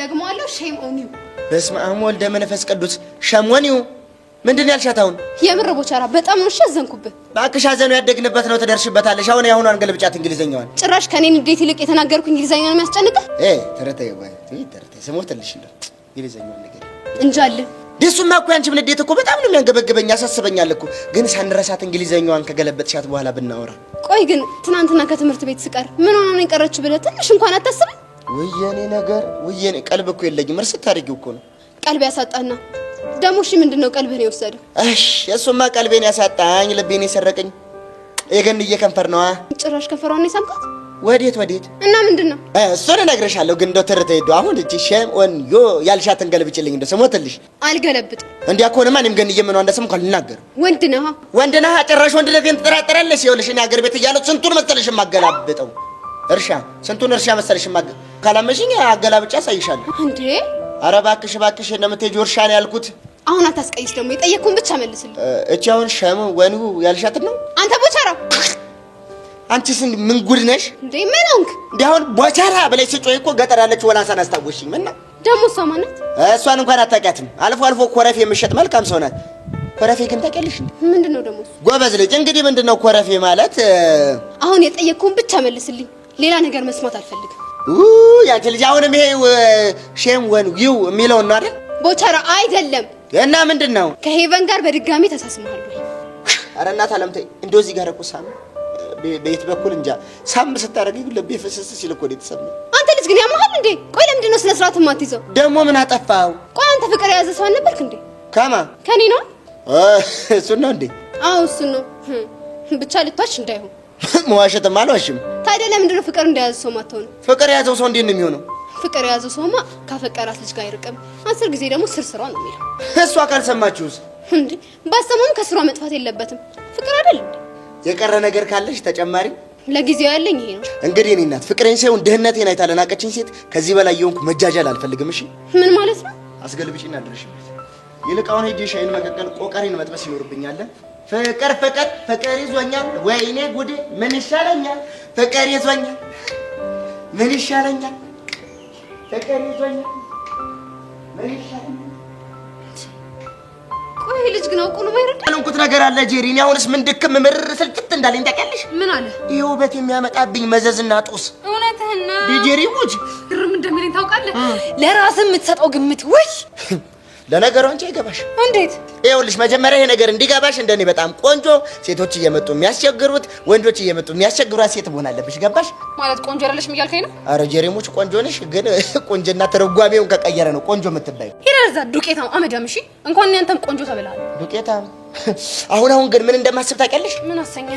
ደግሞ አለው ሼም ኦን ዩ። በስመ አብ ወልደ መንፈስ ቅዱስ ሸም ኦን ዩ። ምንድን ያልሻት አሁን? የምር ቦቻራ በጣም ነው አዘንኩብህ። እባክሽ አዘኑ ያደግንበት ነው ትደርሽበታለሽ። አሁን ያሁኑ አንገልብጫት እንግሊዘኛዋን። ጭራሽ ከኔ ንዴት ይልቅ የተናገርኩ እንግሊዘኛ ነው የሚያስጨንቅህ? ኤ ተረተ ይባይ ተረተ ስሞትልሽ እንደ እንግሊዘኛዋን ነገር እንጃል። እሱማ እኮ ያንቺም ንዴት እኮ በጣም ነው የሚያንገበግበኝ፣ ያሳስበኛል እኮ። ግን ሳንረሳት እንግሊዘኛዋን ከገለበጥሻት በኋላ ብናወራ። ቆይ ግን ትናንትና ከትምህርት ቤት ስቀር ምን ሆነ ነው የቀረችው ብለህ ትንሽ እንኳን አታስብም? ውየኔ ነገር ውየኔ ቀልብ እኮ የለኝም። እርስ ታደርጊው እኮ ነው ቀልብ ያሳጣና ደግሞ እሺ፣ ምንድን ነው ቀልብህን የወሰደው? እሺ፣ እሱማ ቀልቤን ያሳጣኝ ልቤን የሰረቀኝ የገንዬ ከንፈር ነዋ። ጭራሽ ከንፈሯ ነው የሳምካት። ወዴት ወዴት? እና ምንድን ነው እሱን እነግርሻለሁ። ግን እንደው ትርተ ሄዶ አሁን እቺ ሸም ወንዮ ያልሻትን ገልብጭልኝ፣ እንደው ስሞትልሽ። አልገለብጥም። እንዲያ ከሆነማ እኔም ገንዬ ምኗ እንደስም እኮ ወንድ ነህ ወንድ ነህ፣ ጭራሽ ወንድ ነቴን ትጠራጠራለሽ። ይኸውልሽ እኔ አገር ቤት እያለሁ ስንቱን መሰለሽ የማገላብጠው እርሻ ስንቱን እርሻ መሰለሽ የማገ ካላመሽኝ አገላብጫ አሳይሻለሁ። እንዴ ኧረ እባክሽ እባክሽ እንደምትሄጂው እርሻ ነው ያልኩት። አሁን አታስቀይስ ደግሞ የጠየቅኩህን ብቻ መልስልኝ። እቺ አሁን ሸሙ ወንሁ ያልሻትን ነው አንተ ቦቻራ። አንቺስ ምን ጉድ ነሽ እንዴ? ምን ሆንክ እንዴ? አሁን ቦቻራ ብለሽ ስጮይ እኮ ገጠር ያለችው ወላሳን አስታወሽኝ። ምን ነው ደግሞ እሷ ማናት? እሷን እንኳን አታውቂያትም። አልፎ አልፎ ኮረፌ የምትሸጥ መልካም ሰው ናት። ኮረፌ ግን ታውቂያለሽ እንዴ? ምንድነው ደግሞ ጎበዝ ልጅ። እንግዲህ ምንድነው ኮረፌ ማለት? አሁን የጠየቅኩህን ብቻ መልስልኝ። ሌላ ነገር መስማት አልፈልግም። ያንቺ ልጅ አሁንም ይሄ ሼም ወን ዩ የሚለውን ነው አይደል? ቦቸራ አይደለም። እና ምንድን ነው ከሄቨን ጋር በድጋሚ ተሳስመሃል ወይ? እናት አለምተኝ እንደው እዚህ ጋር እኮ ሳም በየት በኩል እንጃ ሳም ስታደርገኝ ልቤ ፍስስ ሲል እኮ ነው የተሰማኝ። አንተ ልጅ ግን ያመሃል እንዴ? ቆይ ለምንድን ነው ስነ ስርዓት የማትይዘው? ደግሞ ምን አጠፋው? ቆይ አንተ ፍቅር የያዘ ሰው እንዴ? ከማ ከኔ ነው እሱን ነው እንዴ? አዎ እሱን ነው ብቻ ልታች እንዳይሆን መዋሸትም አልዋሽም። ታዲያ ለምንድን ነው ፍቅር እንደያዘ ሰው ማትሆን? ፍቅር የያዘው ሰው እንዴት ነው የሚሆነው? ፍቅር የያዘው ሰውማ ካፈቀራት ልጅ ጋር አይርቅም። አስር ጊዜ ደግሞ ስር ስሯ ነው የሚለው። እሷ ካልሰማችሁስ? እንዴ ባሰሙም ከስሯ መጥፋት የለበትም። ፍቅር አይደል የቀረ ነገር ካለሽ ተጨማሪ ለጊዜው ያለኝ ይሄ ነው። እንግዲህ እኔ እናት ፍቅሬን ሳይሆን ድህነቴን አይታ ለናቀችኝ ሴት ከዚህ በላይ የሆንኩ መጃጃል አልፈልግም። እሺ ምን ማለት ነው? አስገልብጪና ድረሽበት። ይልቅ አሁን ሄጄ ሻይን መቀቀል፣ ቆቀሬን መጥበስ ይኖርብኛል። ፍቅር ፍቅር ፍቅር ይዞኛል፣ ወይኔ ጉዴ! ምን ይሻለኛል? ፍቅር ይዞኛል፣ ምን ይሻለኛል? ፍቅር ይዞኛል፣ ምን ይሻለኛል? ቆይ ልጅ ግን አውቆ ነው የማይረዳ ነገር አለ ጄሪ። እኔ አሁንስ ምን ድክም ምር ስልችት እንዳለኝ ታውቂያለሽ? ምን አለ? ይሄ ውበት የሚያመጣብኝ መዘዝና ጦስ። እውነትህን ጄሪ። ጉድ ግርም እንደሚለኝ ታውቃለህ? ለራስህ የምትሰጠው ግምት ውይ ለነገሩ አንቺ አይገባሽ። እንዴት? ይኸውልሽ መጀመሪያ ይሄ ነገር እንዲገባሽ እንደኔ በጣም ቆንጆ ሴቶች እየመጡ የሚያስቸግሩት ወንዶች እየመጡ የሚያስቸግሯት ሴት መሆን አለብሽ። ገባሽ? ማለት ቆንጆ አይደለሽ እያልከኝ ነው? አረ ጀሬሞች ቆንጆ ነሽ፣ ግን ቁንጅና ተረጓሚውን ከቀየረ ነው ቆንጆ የምትባይ። ሄደህ እዛ ዱቄታም አመዳም። እሺ እንኳን አንተም ቆንጆ ተብለሃል። ዱቄታም። አሁን አሁን ግን ምን እንደማስብ ታውቂያለሽ? ምን አሰኛ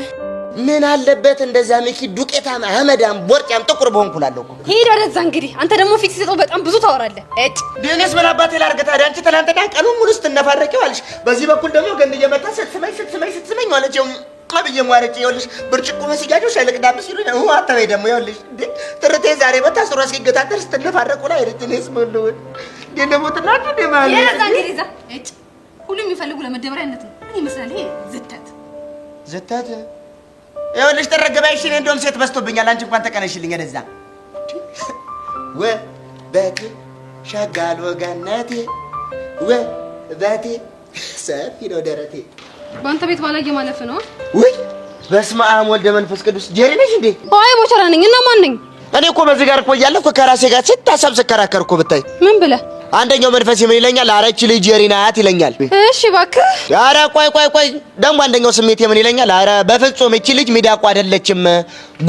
ምን አለበት እንደዛ ሚኪ ዱቄታም አህመዳም ቦርጫም ጥቁር በሆንኩላለሁ። ሄድ ወደዛ። እንግዲህ አንተ ደግሞ ፊት ሲሰጠው በጣም ብዙ ታወራለህ። እጭ ድንስ ምን አባቴ ላድርግ ታዲያ? አንቺ ትናንትና ቀኑን ሙሉ ስትነፋረቂው አለሽ። በዚህ በኩል ደግሞ ገንድ እየመጣ ስትስመኝ ስትስመኝ ስትስመኝ ማለት ነው ቀብዬ ሟረጭ ይኸውልሽ፣ ብርጭቆ መስያጆ ሻይ ልቅዳብሽ ሲሉ ነው። አተበይ ደግሞ ይኸውልሽ ትርቴ ዛሬ በታስሮ ሲገታተር ስትነፋረቁ ላይ ድንስ ምሉን ደግሞ ትናንት ደማለ የዛ እንግዲህ ዛ እጭ ሁሉም የሚፈልጉ ለመደበሪያነት ነው ይመስላል። ይሄ ዝተት ዝተት ይኸውልሽ ተረገበ እሺ። እኔ እንደውም ሴት በዝቶብኛል። አንቺ እንኳን ተቀነሽልኝ። ወደዛ ውበቴ ሸጋል ወገነቴ ውበቴ ሰፊ ነው ደረቴ። በአንተ ቤት ባላየ ማለፍ ነው በስመ አብ ወልደ መንፈስ ቅዱስ። ጀሪ ነሽ እንዴ? አይ ቦቸራ ነኝ። እና ማን ነኝ እኔ? እኮ በዚህ ጋር እኮ እያለ እኮ ከራሴ ጋር ስታሰብ ስከራከር እኮ ብታይ ምን ብለህ አንደኛው መንፈስ ምን ይለኛል? አረች ልጅ የሪና አያት ይለኛል። እሺ እባክህ። ኧረ ቆይ ቆይ ቆይ፣ ደግሞ አንደኛው ስሜት ምን ይለኛል? ኧረ በፍጹም እቺ ልጅ ሚዳቋ አይደለችም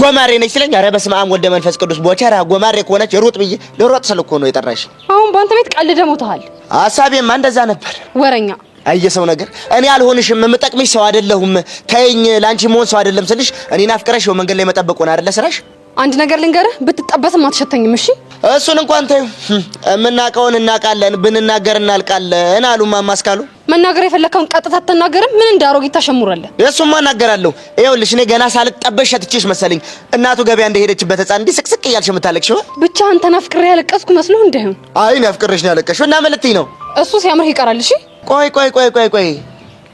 ጎማሬ ነች ሲለኝ፣ አረ በስመ አብ ወልደ መንፈስ ቅዱስ ቦቸራ፣ ጎማሬ ከሆነች ሩጥ ብዬ ልሮጥ ስል እኮ ነው የጠራሽ። አሁን በአንተ ቤት ቀልደ ሞተሃል። ሀሳቤማ እንደዛ ነበር። ወረኛ አየሰው ነገር እኔ አልሆንሽም፣ የምጠቅምሽ ሰው አይደለሁም፣ ተይኝ፣ ላንቺ መሆን ሰው አይደለም ስልሽ እኔን አፍቅረሽ መንገድ ላይ መጠበቅ አይደለ ስራሽ። አንድ ነገር ልንገርህ፣ ብትጠበስም አትሸተኝም። እሺ እሱን እንኳን ተይው፣ የምናውቀውን እናውቃለን፣ ብንናገር እናልቃለን አሉ ማማስካሉ። መናገር የፈለከውን ቀጥታ አትናገርም? ምን እንደ አሮጊት ታሸሙራለህ? የእሱማ እናገራለሁ። ይኸውልሽ እኔ ገና ሳልጠበሽ ሸጥቼሽ መሰለኝ እናቱ ገበያ እንደሄደችበት ሕፃን እንዲህ ስቅስቅ እያልሽ የምታለቅሽ ይሆን? ብቻ አንተ አፍቅሬ ያለቀስኩ መስሎ እንዳይሆን። አይ እኔ ነው ያለቀሽው እና ምን ነው? እሱ ሲያምርህ ይቀራል። እሺ ቆይ ቆይ ቆይ ቆይ ቆይ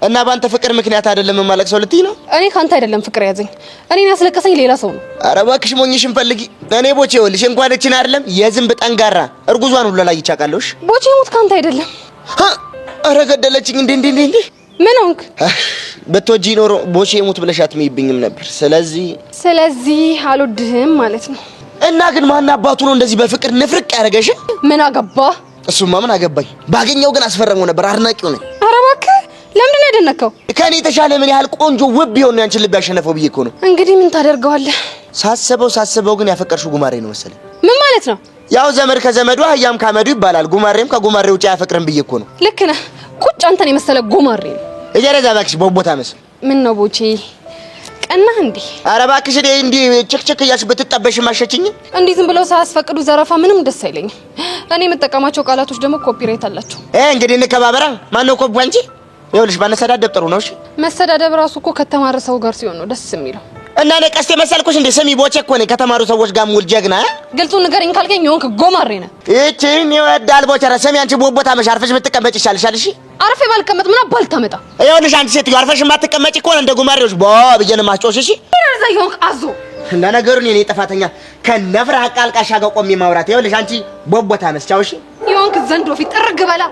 እና በአንተ ፍቅር ምክንያት አይደለም ማለቅ ሰው ልትይ ነው? እኔ ካንተ አይደለም ፍቅር ያዘኝ፣ እኔን ያስለቀሰኝ ሌላ ሰው ነው። ኧረ እባክሽ ሞኝሽን ፈልጊ። እኔ ቦቼ ይኸውልሽ እንኳን እችን አይደለም የዝንብ ጠንጋራ እርጉዟን ሁሉ ላይ ይቻቃለሽ። ቦቼ ሞት ካንተ አይደለም። አረ ገደለችኝ። እንዴ እንዴ እንዴ ምን ሆንክ? ብትወጂ ኖሮ ቦቼ የሞት ብለሻት ምይብኝም ነበር። ስለዚህ ስለዚህ አልወድህም ማለት ነው። እና ግን ማን አባቱ ነው እንደዚህ በፍቅር ንፍርቅ ያደረገሽ? ምን አገባ? እሱማ ምን አገባኝ። ባገኘው ግን አስፈረመው ነበር። አድናቂው ነኝ ያደነከው? ከእኔ የተሻለ ምን ያህል ቆንጆ ውብ የሆነ ያንቺን ልብ ያሸነፈው ብዬ እኮ ነው። እንግዲህ ምን ታደርገዋለህ? ሳስበው ሳስበው ግን ያፈቀርሽው ጉማሬ ነው መሰለኝ። ምን ማለት ነው? ያው ዘመድ ከዘመዱ አህያም ካመዱ ይባላል። ጉማሬም ከጉማሬ ውጭ አያፈቅርም ብዬ እኮ ነው። ልክ ነህ። ቁጭ አንተን የመሰለ ጉማሬ ነው። እጀረዛ እባክሽ ቦቦታ መስል ምን ነው ቦቼ ቀናህ እንዴ? ኧረ እባክሽ እኔ እንዲህ ጭቅጭቅ እያልሽ ብትጠበሽ ማሸችኝ እንዴ? ዝም ብለው ሳያስፈቅዱ ዘረፋ ምንም ደስ አይለኝም። እኔ የምጠቀማቸው ቃላቶች ደግሞ ኮፒራይት አላቸው። እንግዲህ እንከባበራ። ማነው ኮፒ አንቺ ይኸውልሽ ባንሰዳደብ ጥሩ ነው። እሺ መሰዳደብ ራሱ እኮ ከተማረ ሰው ጋር ሲሆን ነው ደስ የሚለው። እና እኔ ቀስቴ መሰልኩሽ እንዴ? ስሚ ቦቼ እኮ ነኝ። ከተማሩ ሰዎች ጋር ሙል ጀግና። ግልጹን ንገረኝ ካልከኝ የሆንክ ጎማሬ ነህ። ይቺን ይወዳል ቦቼ። ኧረ ስሚ አንቺ ቦቦ ታመሽ አርፈሽ ብትቀመጭ ይሻልሻል። እሺ አርፌ ባልቀመጥ ምን አባል ታመጣ? ይኸውልሽ አንቺ ሴትዮ አርፈሽ የማትቀመጭ ከሆነ እንደ ጎማሬዎች ቦ ብዬሽ ነው የማስጮሽ። እሺ ይረዛ ይሆንክ አዞ እና ነገሩን የኔ ጥፋተኛ ከነፍራ ቃልቃሻ ጋር ቆሜ ማውራት። ይኸውልሽ አንቺ ቦቦ ታመሽ ቻውሽ ይሆንክ ዘንዶ ወፊት ጥርግ በላ